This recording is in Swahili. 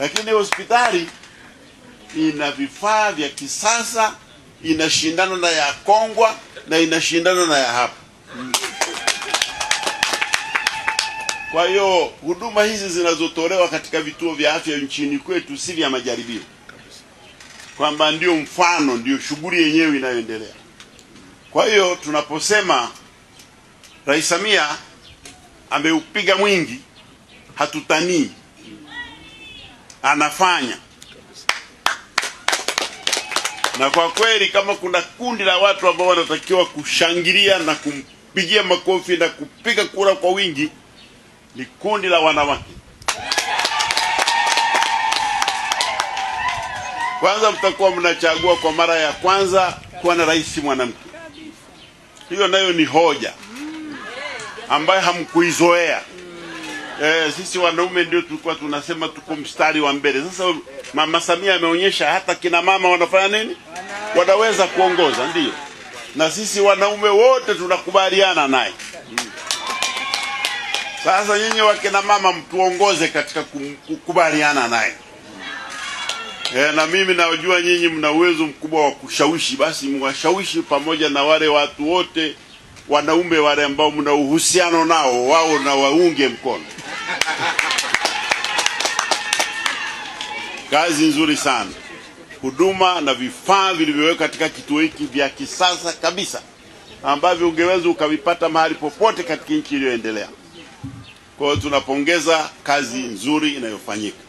lakini hospitali ina vifaa vya kisasa, inashindana na ya Kongwa na inashindana na ya hapa. Kwa hiyo huduma hizi zinazotolewa katika vituo vya afya nchini kwetu si vya majaribio, kwamba ndio mfano, ndio shughuli yenyewe inayoendelea. Kwa hiyo tunaposema Rais Samia ameupiga mwingi, hatutanii anafanya. Na kwa kweli kama kuna kundi la watu ambao wanatakiwa kushangilia na kumpigia makofi na kupiga kura kwa wingi ni kundi la wanawake. Kwanza mtakuwa mnachagua kwa mara ya kwanza kuwa na rais mwanamke. Hiyo nayo ni hoja ambayo hamkuizoea eh, sisi wanaume ndio tulikuwa tunasema tuko mstari wa mbele. Sasa mama Samia ameonyesha hata kina mama wanafanya nini, wanaweza kuongoza, ndio na sisi wanaume wote tunakubaliana naye. Sasa nyinyi wakina mama mtuongoze katika kukubaliana naye. E, na mimi najua nyinyi mna uwezo mkubwa wa kushawishi, basi mwashawishi pamoja na wale watu wote wanaume wale ambao mna uhusiano nao, wao na waunge mkono. kazi nzuri sana, huduma na vifaa vilivyowekwa katika kituo hiki vya kisasa kabisa ambavyo ungeweza ukavipata mahali popote katika nchi iliyoendelea. Kwa hiyo tunapongeza kazi nzuri inayofanyika.